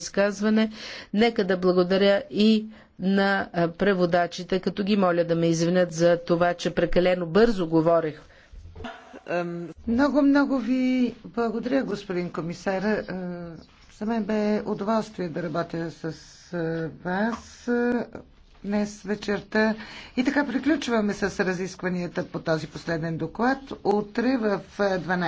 изказване. Нека да благодаря и на преводачите, като ги моля да ме извинят за това, че прекалено бързо говорех. Много, много ви благодаря, господин комисар. За мен бе удоволствие да работя с вас днес вечерта. И така приключваме с разискванията по този последен доклад. Утре в 12.